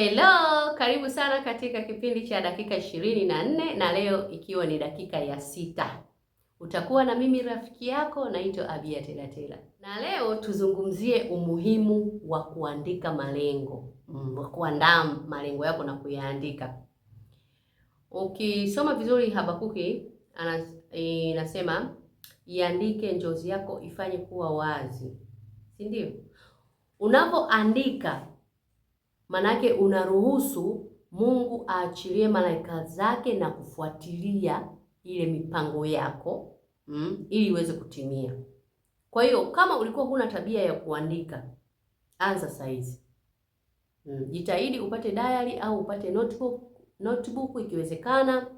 Hello, karibu sana katika kipindi cha dakika ishirini na nne na leo ikiwa ni dakika ya sita. Utakuwa na mimi rafiki yako naitwa Abia Telatela, na leo tuzungumzie umuhimu wa kuandika malengo mm, wa kuandaa malengo yako na kuyaandika. Ukisoma vizuri Habakuki eh, inasema iandike njozi yako ifanye kuwa wazi, si ndio? Unapoandika Manake unaruhusu Mungu aachilie malaika zake na kufuatilia ile mipango yako mm, ili iweze kutimia. Kwa hiyo kama ulikuwa huna tabia ya kuandika, anza saizi. Mm, jitahidi upate diary au upate notebook, notebook ikiwezekana,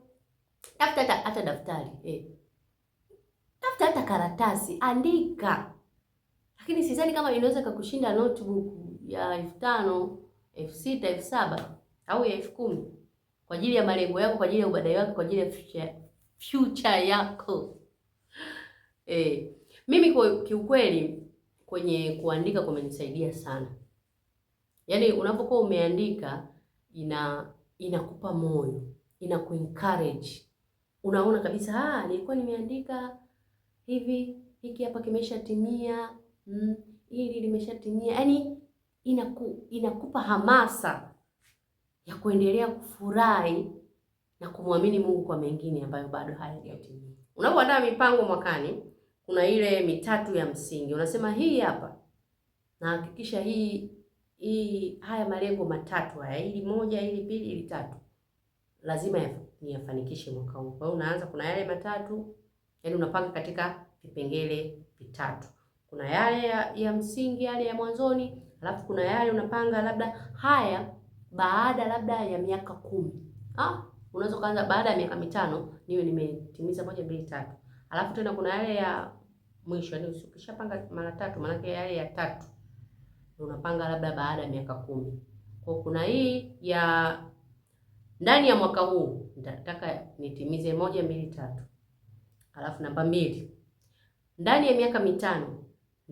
tafuta hata daftari eh, tafuta hata karatasi, andika. Lakini sidhani kama inaweza kukushinda notebook ya elfu tano elfu sita elfu saba au elfu kumi kwa ajili ya malengo yako, kwa ajili ya ubadai wako, kwa ajili ya future, yako eh. Mimi kwa kiukweli kwenye kuandika kumenisaidia sana, yaani unapokuwa umeandika ina inakupa moyo, inaku encourage unaona kabisa, ah, nilikuwa nimeandika hivi, hiki hapa kimeshatimia, mm, hili limeshatimia, yaani inaku, inakupa hamasa ya kuendelea kufurahi na kumwamini Mungu kwa mengine ambayo bado hayajatimia. Unapoandaa mipango mwakani, kuna ile mitatu ya msingi, unasema hii hapa na hakikisha hii hii haya malengo matatu haya, ili moja, ili pili, ili tatu, lazima niyafanikishe mwaka huu. Kwa hiyo unaanza, kuna yale matatu, yaani unapanga katika vipengele vitatu. Kuna yale ya, ya msingi, yale ya mwanzoni alafu kuna yale unapanga labda haya baada labda ya miaka kumi. Ha? Ah, unaweza kuanza baada ya miaka mitano niwe nimetimiza moja mbili tatu. Alafu tena kuna yale ya mwisho, yaani ukishapanga mara tatu, maanake yale ya tatu unapanga labda baada ya miaka kumi. Kwa kuna hii ya ndani ya mwaka huu nitataka nitimize moja mbili tatu. Alafu namba mbili, ndani ya miaka mitano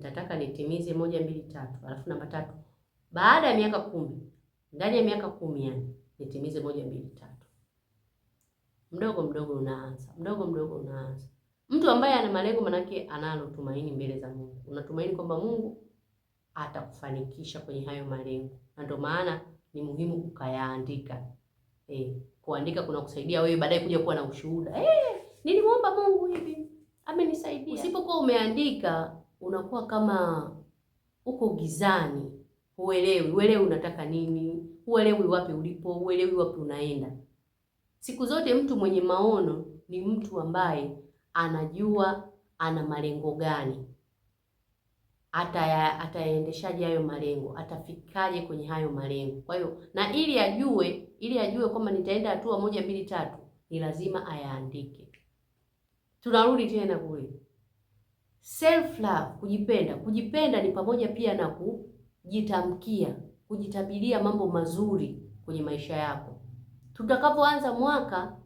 nitataka nitimize moja mbili tatu, alafu namba tatu, baada ya miaka kumi, ndani ya miaka kumi yani nitimize moja mbili tatu. Mdogo mdogo unaanza, mdogo mdogo unaanza. Mtu ambaye ana malengo, manake analo tumaini mbele za Mungu, unatumaini kwamba Mungu atakufanikisha kwenye hayo malengo, na ndio maana ni muhimu ukayaandika. E, kuandika kuna kusaidia wewe baadaye kuja kuwa na ushuhuda. E, nilimwomba Mungu hivi amenisaidia. Usipokuwa umeandika unakuwa kama uko gizani, huelewi, uelewi unataka nini, huelewi wapi ulipo, huelewi wapi unaenda. Siku zote mtu mwenye maono ni mtu ambaye anajua ana malengo gani, atayaendeshaje hayo malengo, atafikaje kwenye hayo malengo. Kwa hiyo na ili ajue, ili ajue kwamba nitaenda hatua moja mbili tatu, ni lazima ayaandike. Tunarudi tena kule Self love, kujipenda. Kujipenda ni pamoja pia na kujitamkia, kujitabilia mambo mazuri kwenye maisha yako. Tutakapoanza mwaka,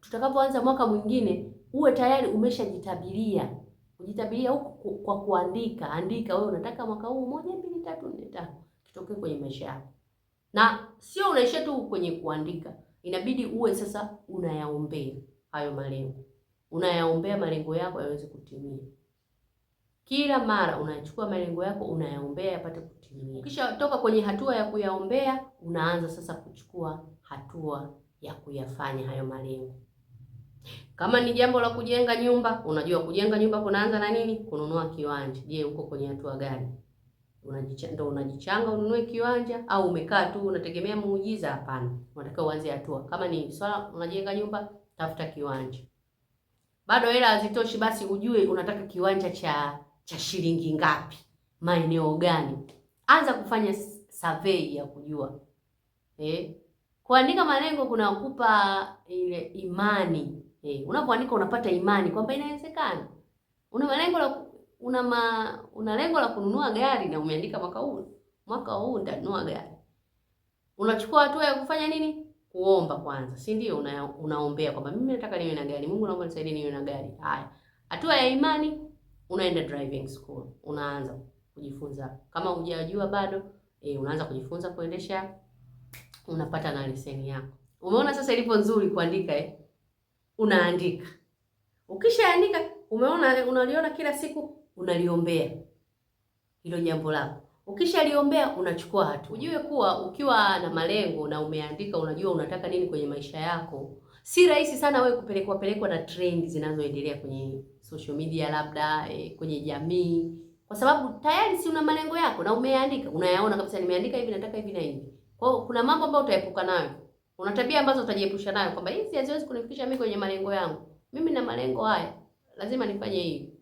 tutakapoanza mwaka mwingine, uwe tayari umeshajitabilia kujitabilia huko kwa kuandika, andika wewe unataka mwaka huu moja, mbili, tatu, nne, tano kitokee kwenye maisha yako, na sio unaishia tu kwenye kuandika, inabidi uwe sasa unayaombea hayo malengo, unayaombea malengo yako yaweze kutimia. Kila mara unachukua malengo yako unayaombea yapate kutimia. Ukishatoka kwenye hatua ya kuyaombea, unaanza sasa kuchukua hatua ya kuyafanya hayo malengo. Kama ni jambo la kujenga nyumba, unajua kujenga nyumba kunaanza na nini? Kununua kiwanja. Je, uko kwenye hatua gani? Ndo unajichanga ununue kiwanja au umekaa tu unategemea muujiza? Hapana, unatakiwa uanze hatua. Kama ni swala unajenga nyumba, tafuta kiwanja. Bado hela hazitoshi, basi ujue unataka kiwanja cha cha shilingi ngapi, maeneo gani. Anza kufanya survey ya kujua eh. Kuandika malengo kunakupa ile imani eh. Unapoandika unapata imani kwamba inawezekana. Una malengo la una ma, una lengo la kununua gari na umeandika mwaka huu, mwaka huu nitanunua gari. Unachukua hatua ya kufanya nini? Kuomba kwanza, si ndio? Una, unaombea kwamba mimi nataka niwe na gari, Mungu naomba nisaidie niwe na gari. Haya, hatua ya imani unaenda driving school, unaanza kujifunza kama hujajua bado e, unaanza kujifunza kuendesha, unapata na leseni yako. Umeona sasa ilipo nzuri kuandika eh? Unaandika, ukishaandika umeona, unaliona kila siku, unaliombea hilo jambo lako. Ukishaliombea unachukua hatua. Ujue kuwa ukiwa na malengo na umeandika, unajua unataka nini kwenye maisha yako si rahisi sana wewe kupelekwa pelekwa na trend zinazoendelea kwenye social media, labda e, kwenye jamii, kwa sababu tayari si una malengo yako na umeandika, unayaona kabisa, nimeandika hivi, nataka hivi na hivi. Kwa hiyo kuna mambo ambayo utaepuka nayo, una tabia ambazo utajiepusha nayo, kwamba hizi haziwezi kunifikisha mimi kwenye malengo yangu, mimi na malengo haya, lazima nifanye hivi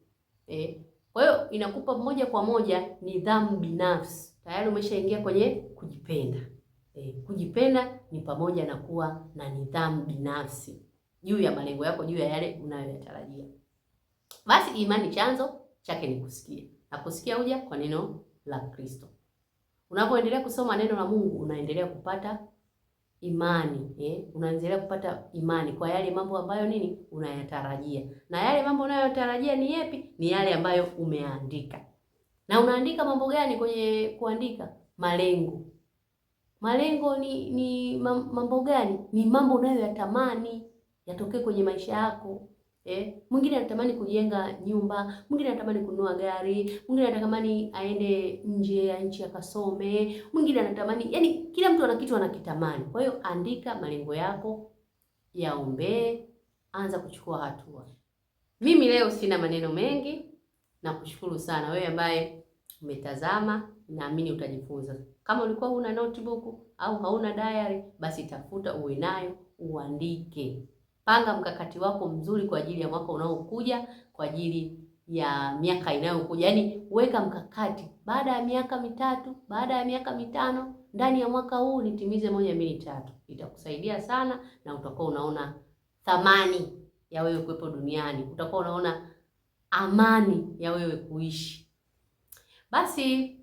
eh. Kwa hiyo inakupa moja kwa moja nidhamu binafsi, tayari umeshaingia kwenye kujipenda. E, kujipenda ni pamoja na kuwa na nidhamu binafsi juu ya malengo yako, juu ya yale unayoyatarajia. Basi imani chanzo chake ni kusikia, na kusikia uja kwa neno la Kristo. Unapoendelea kusoma neno la Mungu unaendelea kupata imani eh? Unaendelea kupata imani kwa yale mambo ambayo nini unayatarajia, na yale mambo unayotarajia ni yapi? Ni yale ambayo umeandika. Na unaandika mambo gani kwenye kuandika? Malengo Malengo ni ni mambo gani? Ni mambo unayoyatamani yatokee kwenye maisha yako. Eh, mwingine anatamani kujenga nyumba, mwingine anatamani kununua gari, mwingine anatamani aende nje ya nchi akasome, mwingine anatamani, yani kila mtu ana kitu anakitamani. Kwa hiyo andika malengo yako, yaombee, anza kuchukua hatua. Mimi leo sina maneno mengi, nakushukuru sana wewe ambaye umetazama, naamini utajifunza. Kama ulikuwa huna notebook au hauna diary, basi tafuta uwe nayo, uandike. Panga mkakati wako mzuri kwa ajili ya mwaka unaokuja, kwa ajili ya miaka inayokuja. Yaani weka mkakati, baada ya miaka mitatu, baada ya miaka mitano, ndani ya mwaka huu nitimize moja, mbili, tatu. Itakusaidia sana na utakuwa unaona thamani ya wewe kuwepo duniani, utakuwa unaona amani ya wewe kuishi. Basi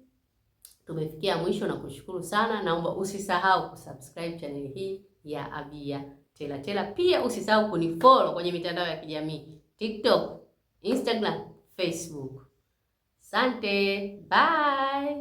Tumefikia mwisho na kushukuru sana. Naomba usisahau kusubscribe chaneli hii ya Abia Tela Tela. Pia usisahau kunifollow kwenye mitandao ya kijamii TikTok, Instagram, Facebook. Sante, bye.